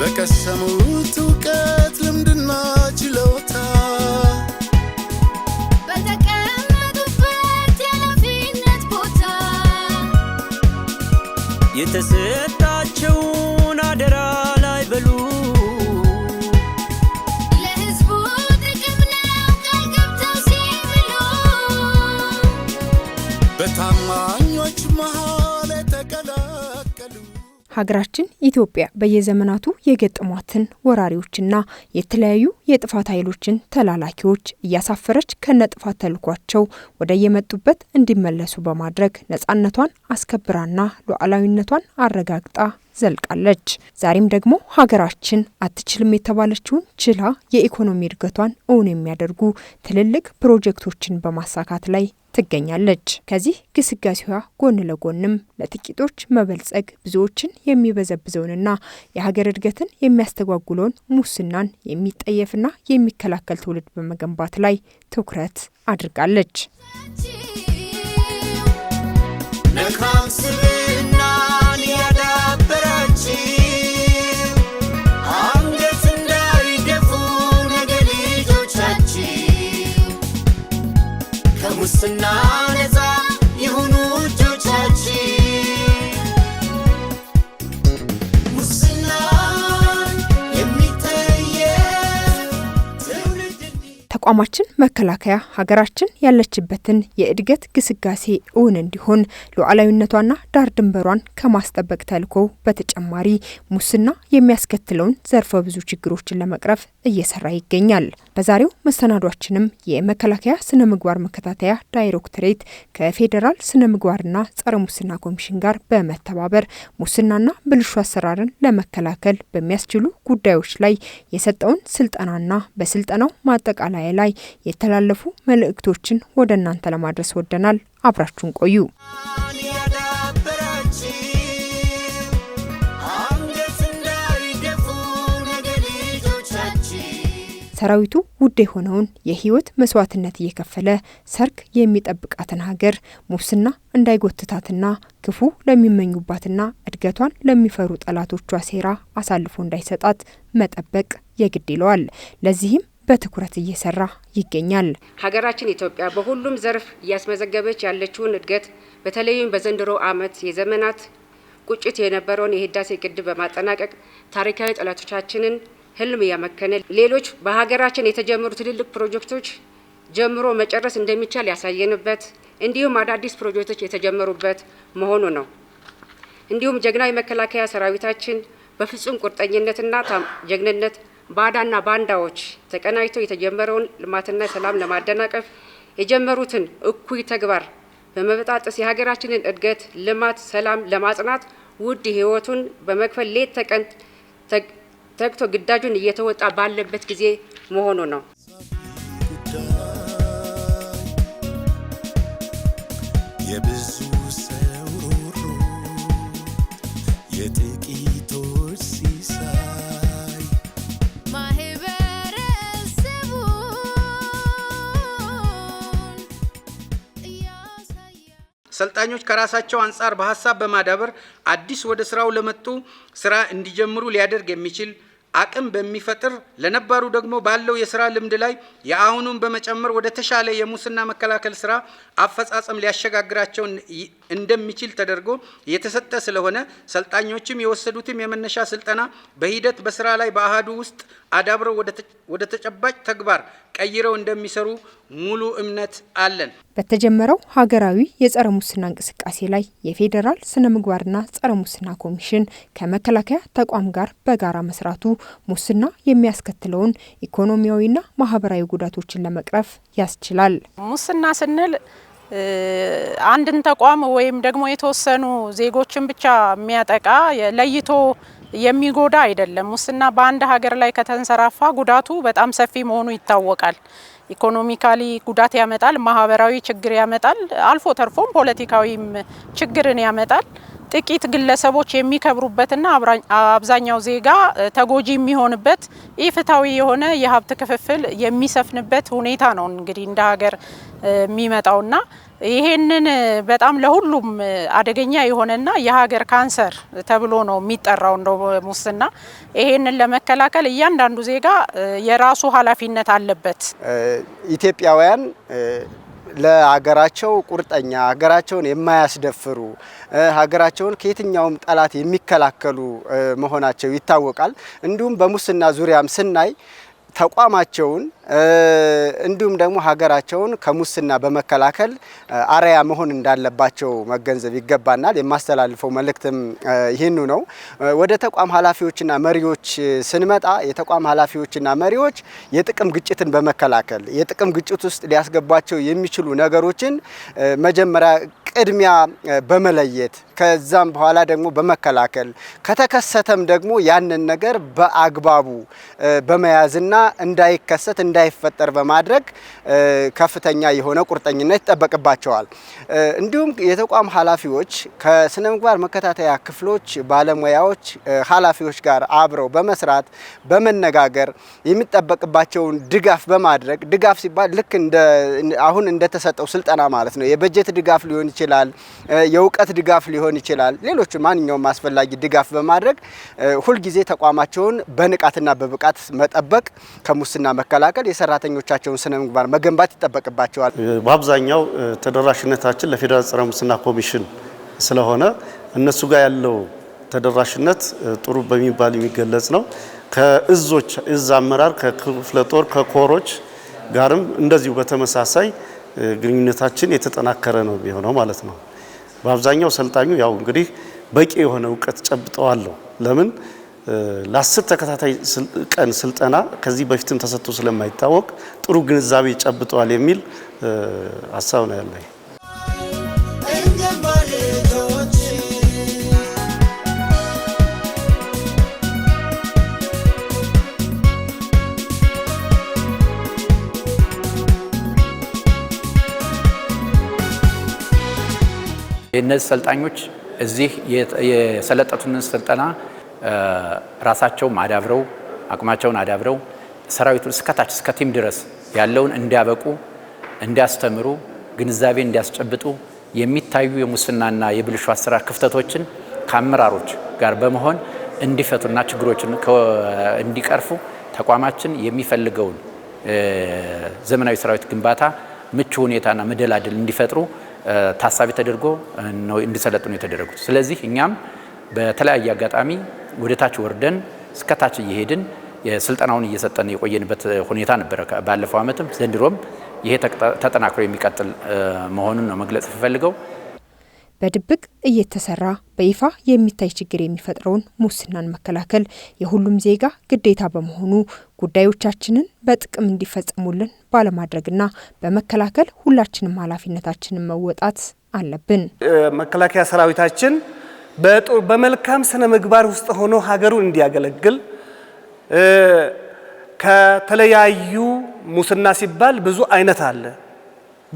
በቀሰሙት እውቀት ልምድና ችሎታ በተቀመጡበት የኃላፊነት ቦታ የተሰጠ ሀገራችን ኢትዮጵያ በየዘመናቱ የገጠሟትን ወራሪዎችና የተለያዩ የጥፋት ኃይሎችን ተላላኪዎች እያሳፈረች ከነጥፋት ተልኳቸው ወደ የመጡበት እንዲመለሱ በማድረግ ነፃነቷን አስከብራና ሉዓላዊነቷን አረጋግጣ ዘልቃለች። ዛሬም ደግሞ ሀገራችን አትችልም የተባለችውን ችላ የኢኮኖሚ እድገቷን እውን የሚያደርጉ ትልልቅ ፕሮጀክቶችን በማሳካት ላይ ትገኛለች። ከዚህ ግስጋሴዋ ጎን ለጎንም ለጥቂቶች መበልጸግ ብዙዎችን የሚበዘብዘውንና የሀገር እድገትን የሚያስተጓጉለውን ሙስናን የሚጠየፍና የሚከላከል ትውልድ በመገንባት ላይ ትኩረት አድርጋለች። ከሙስና ነፃ ይሁኑ እጆቻችን ተቋማችን መከላከያ ሀገራችን ያለችበትን የእድገት ግስጋሴ እውን እንዲሆን ሉዓላዊነቷና ዳር ድንበሯን ከማስጠበቅ ተልኮ በተጨማሪ ሙስና የሚያስከትለውን ዘርፈ ብዙ ችግሮችን ለመቅረፍ እየሰራ ይገኛል። በዛሬው መሰናዷችንም የመከላከያ ስነ ምግባር መከታተያ ዳይሬክቶሬት ከፌዴራል ስነ ምግባርና ጸረ ሙስና ኮሚሽን ጋር በመተባበር ሙስናና ብልሹ አሰራርን ለመከላከል በሚያስችሉ ጉዳዮች ላይ የሰጠውን ስልጠናና በስልጠናው ማጠቃለያ ላይ የተላለፉ መልእክቶችን ወደ እናንተ ለማድረስ ወደናል። አብራችሁን ቆዩ። ሰራዊቱ ውድ የሆነውን የህይወት መስዋዕትነት እየከፈለ ሰርክ የሚጠብቃትን ሀገር ሙስና እንዳይጎትታትና ክፉ ለሚመኙባትና እድገቷን ለሚፈሩ ጠላቶቿ ሴራ አሳልፎ እንዳይሰጣት መጠበቅ የግድ ይለዋል። ለዚህም በትኩረት እየሰራ ይገኛል። ሀገራችን ኢትዮጵያ በሁሉም ዘርፍ እያስመዘገበች ያለችውን እድገት በተለይም በዘንድሮ ዓመት የዘመናት ቁጭት የነበረውን የህዳሴ ግድብ በማጠናቀቅ ታሪካዊ ጠላቶቻችንን ህልም እያመከነ ሌሎች በሀገራችን የተጀመሩ ትልልቅ ፕሮጀክቶች ጀምሮ መጨረስ እንደሚቻል ያሳየንበት እንዲሁም አዳዲስ ፕሮጀክቶች የተጀመሩበት መሆኑ ነው። እንዲሁም ጀግናዊ መከላከያ ሰራዊታችን በፍጹም ቁርጠኝነትና ጀግንነት ባዳና ባንዳዎች ተቀናጅተው የተጀመረውን ልማትና ሰላም ለማደናቀፍ የጀመሩትን እኩይ ተግባር በመበጣጠስ የሀገራችንን እድገት፣ ልማት፣ ሰላም ለማጽናት ውድ ህይወቱን በመክፈል ሌት ተቀን ተግቶ ግዳጁን እየተወጣ ባለበት ጊዜ መሆኑ ነው። የብዙ ሰው ሮሮ የጥቂቶች ሰልጣኞች ከራሳቸው አንጻር በሀሳብ በማዳበር አዲስ ወደ ስራው ለመጡ ስራ እንዲጀምሩ ሊያደርግ የሚችል አቅም በሚፈጥር ለነባሩ ደግሞ ባለው የስራ ልምድ ላይ የአሁኑን በመጨመር ወደ ተሻለ የሙስና መከላከል ስራ አፈጻጸም ሊያሸጋግራቸው እንደሚችል ተደርጎ የተሰጠ ስለሆነ ሰልጣኞችም የወሰዱትም የመነሻ ስልጠና በሂደት በስራ ላይ በአህዱ ውስጥ አዳብረው ወደ ተጨባጭ ተግባር ቀይረው እንደሚሰሩ ሙሉ እምነት አለን። በተጀመረው ሀገራዊ የጸረ ሙስና እንቅስቃሴ ላይ የፌዴራል ስነ ምግባርና ጸረ ሙስና ኮሚሽን ከመከላከያ ተቋም ጋር በጋራ መስራቱ ሙስና የሚያስከትለውን ኢኮኖሚያዊና ማህበራዊ ጉዳቶችን ለመቅረፍ ያስችላል። ሙስና ስንል አንድን ተቋም ወይም ደግሞ የተወሰኑ ዜጎችን ብቻ የሚያጠቃ ለይቶ የሚጎዳ አይደለም። ሙስና በአንድ ሀገር ላይ ከተንሰራፋ ጉዳቱ በጣም ሰፊ መሆኑ ይታወቃል። ኢኮኖሚካሊ ጉዳት ያመጣል፣ ማህበራዊ ችግር ያመጣል፣ አልፎ ተርፎም ፖለቲካዊም ችግርን ያመጣል። ጥቂት ግለሰቦች የሚከብሩበትና አብዛኛው ዜጋ ተጎጂ የሚሆንበት ኢፍታዊ የሆነ የሀብት ክፍፍል የሚሰፍንበት ሁኔታ ነው እንግዲህ እንደ ሀገር የሚመጣውና ይሄንን በጣም ለሁሉም አደገኛ የሆነና የሀገር ካንሰር ተብሎ ነው የሚጠራው። እንደ ሙስና ይሄንን ለመከላከል እያንዳንዱ ዜጋ የራሱ ኃላፊነት አለበት። ኢትዮጵያውያን ለሀገራቸው ቁርጠኛ ሀገራቸውን የማያስደፍሩ ሀገራቸውን ከየትኛውም ጠላት የሚከላከሉ መሆናቸው ይታወቃል። እንዲሁም በሙስና ዙሪያም ስናይ ተቋማቸውን እንዲሁም ደግሞ ሀገራቸውን ከሙስና በመከላከል አርአያ መሆን እንዳለባቸው መገንዘብ ይገባናል። የማስተላልፈው መልእክትም ይህኑ ነው። ወደ ተቋም ኃላፊዎችና መሪዎች ስንመጣ የተቋም ኃላፊዎችና መሪዎች የጥቅም ግጭትን በመከላከል የጥቅም ግጭት ውስጥ ሊያስገቧቸው የሚችሉ ነገሮችን መጀመሪያ ቅድሚያ በመለየት ከዛም በኋላ ደግሞ በመከላከል ከተከሰተም ደግሞ ያንን ነገር በአግባቡ በመያዝና እንዳይከሰት እንዳይፈጠር በማድረግ ከፍተኛ የሆነ ቁርጠኝነት ይጠበቅባቸዋል። እንዲሁም የተቋም ኃላፊዎች ከስነ ምግባር መከታተያ ክፍሎች ባለሙያዎች፣ ኃላፊዎች ጋር አብረው በመስራት በመነጋገር የሚጠበቅባቸውን ድጋፍ በማድረግ ድጋፍ ሲባል ልክ አሁን እንደተሰጠው ስልጠና ማለት ነው። የበጀት ድጋፍ ሊሆን ይችላል ይችላል፣ የእውቀት ድጋፍ ሊሆን ይችላል። ሌሎች ማንኛውም አስፈላጊ ድጋፍ በማድረግ ሁልጊዜ ተቋማቸውን በንቃትና በብቃት መጠበቅ፣ ከሙስና መከላከል፣ የሰራተኞቻቸውን ስነ ምግባር መገንባት ይጠበቅባቸዋል። በአብዛኛው ተደራሽነታችን ለፌዴራል ጸረ ሙስና ኮሚሽን ስለሆነ እነሱ ጋር ያለው ተደራሽነት ጥሩ በሚባል የሚገለጽ ነው። ከእዞች እዝ አመራር ከክፍለ ጦር ከኮሮች ጋርም እንደዚሁ በተመሳሳይ ግንኙነታችን የተጠናከረ ነው የሆነው ማለት ነው። በአብዛኛው ሰልጣኙ ያው እንግዲህ በቂ የሆነ እውቀት ጨብጠዋለሁ። ለምን ለአስር ተከታታይ ቀን ስልጠና ከዚህ በፊትም ተሰጥቶ ስለማይታወቅ ጥሩ ግንዛቤ ጨብጠዋል የሚል ሀሳብ ነው ያለኝ። የእነዚህ ሰልጣኞች እዚህ የሰለጠቱንን ስልጠና ራሳቸውም አዳብረው አቅማቸውን አዳብረው ሰራዊቱን እስከታች እስከ ቲም ድረስ ያለውን እንዲያበቁ፣ እንዲያስተምሩ፣ ግንዛቤ እንዲያስጨብጡ የሚታዩ የሙስናና የብልሹ አሰራር ክፍተቶችን ከአመራሮች ጋር በመሆን እንዲፈቱና ችግሮችን እንዲቀርፉ ተቋማችን የሚፈልገውን ዘመናዊ ሰራዊት ግንባታ ምቹ ሁኔታና መደላድል እንዲፈጥሩ ታሳቢ ተደርጎ ነው እንዲሰለጥኑ የተደረጉት። ስለዚህ እኛም በተለያየ አጋጣሚ ወደ ታች ወርደን እስከ ታች እየሄድን ስልጠናውን እየሰጠን የቆየንበት ሁኔታ ነበረ። ባለፈው ዓመትም ዘንድሮም ይሄ ተጠናክሮ የሚቀጥል መሆኑን ነው መግለጽ ፈልገው በድብቅ እየተሰራ በይፋ የሚታይ ችግር የሚፈጥረውን ሙስናን መከላከል የሁሉም ዜጋ ግዴታ በመሆኑ ጉዳዮቻችንን በጥቅም እንዲፈጸሙልን ባለማድረግና በመከላከል ሁላችንም ኃላፊነታችንን መወጣት አለብን። መከላከያ ሰራዊታችን በመልካም ስነ ምግባር ውስጥ ሆኖ ሀገሩን እንዲያገለግል ከተለያዩ ሙስና ሲባል ብዙ አይነት አለ።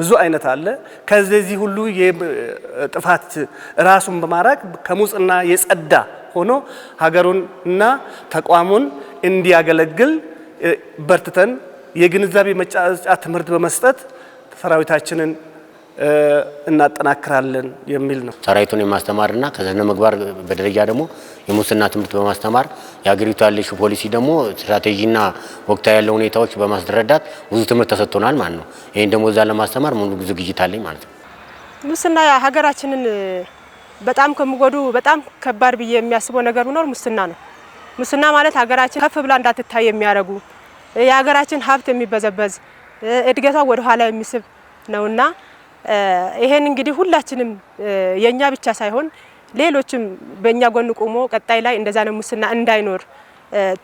ብዙ አይነት አለ። ከዚህ ሁሉ የጥፋት ራሱን በማራቅ ከሙስና የጸዳ ሆኖ ሀገሩንና ተቋሙን እንዲያገለግል በርትተን የግንዛቤ መጫጫ ትምህርት በመስጠት ሰራዊታችንን እናጠናክራለን የሚል ነው። ሰራዊቱን የማስተማርና ከስነ ምግባር በደረጃ ደግሞ የሙስና ትምህርት በማስተማር የሀገሪቱ ያለች ፖሊሲ ደግሞ ስትራቴጂና ወቅታዊ ያለው ሁኔታዎች በማስረዳት ብዙ ትምህርት ተሰጥቶናል ማለት ነው። ይህን ደግሞ እዛ ለማስተማር ሙሉ ዝግጅት አለኝ ማለት ነው። ሙስና ሀገራችንን በጣም ከሚጎዱ በጣም ከባድ ብዬ የሚያስበው ነገር ቢኖር ሙስና ነው። ሙስና ማለት ሀገራችን ከፍ ብላ እንዳትታይ የሚያደርጉ የሀገራችን ሀብት የሚበዘበዝ እድገቷ ወደኋላ የሚስብ ነውና ይሄን እንግዲህ ሁላችንም የኛ ብቻ ሳይሆን ሌሎችም በእኛ ጎን ቆሞ ቀጣይ ላይ እንደዛ ነው ሙስና እንዳይኖር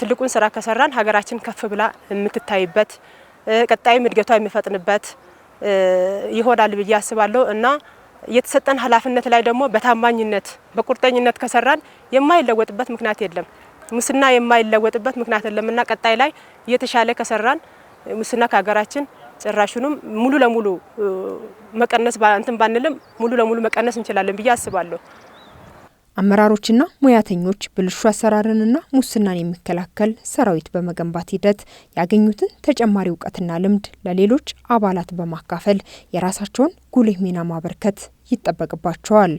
ትልቁን ስራ ከሰራን ሀገራችን ከፍ ብላ የምትታይበት ቀጣይም እድገቷ የሚፈጥንበት ይሆናል ብዬ አስባለሁ እና የተሰጠን ኃላፊነት ላይ ደግሞ በታማኝነት በቁርጠኝነት ከሰራን የማይለወጥበት ምክንያት የለም። ሙስና የማይለወጥበት ምክንያት የለምና ቀጣይ ላይ እየተሻለ ከሰራን ሙስና ከሀገራችን ጭራሹንም ሙሉ ለሙሉ መቀነስ እንትን ባንልም ሙሉ ለሙሉ መቀነስ እንችላለን ብዬ አስባለሁ። አመራሮችና ሙያተኞች ብልሹ አሰራርንና ሙስናን የሚከላከል ሰራዊት በመገንባት ሂደት ያገኙትን ተጨማሪ እውቀትና ልምድ ለሌሎች አባላት በማካፈል የራሳቸውን ጉልህ ሚና ማበርከት ይጠበቅባቸዋል።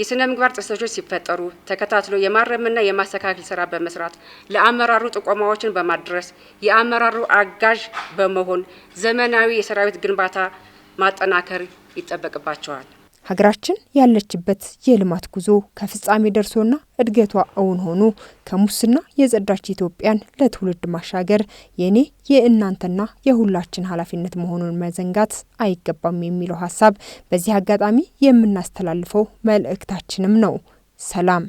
የስነ ምግባር ጥሰቶች ሲፈጠሩ ተከታትሎ የማረምና የማስተካከል ስራ በመስራት ለአመራሩ ጥቆማዎችን በማድረስ የአመራሩ አጋዥ በመሆን ዘመናዊ የሰራዊት ግንባታ ማጠናከር ይጠበቅባቸዋል። ሀገራችን ያለችበት የልማት ጉዞ ከፍጻሜ ደርሶና እድገቷ እውን ሆኖ ከሙስና የጸዳች ኢትዮጵያን ለትውልድ ማሻገር የእኔ የእናንተና የሁላችን ኃላፊነት መሆኑን መዘንጋት አይገባም የሚለው ሀሳብ በዚህ አጋጣሚ የምናስተላልፈው መልእክታችንም ነው። ሰላም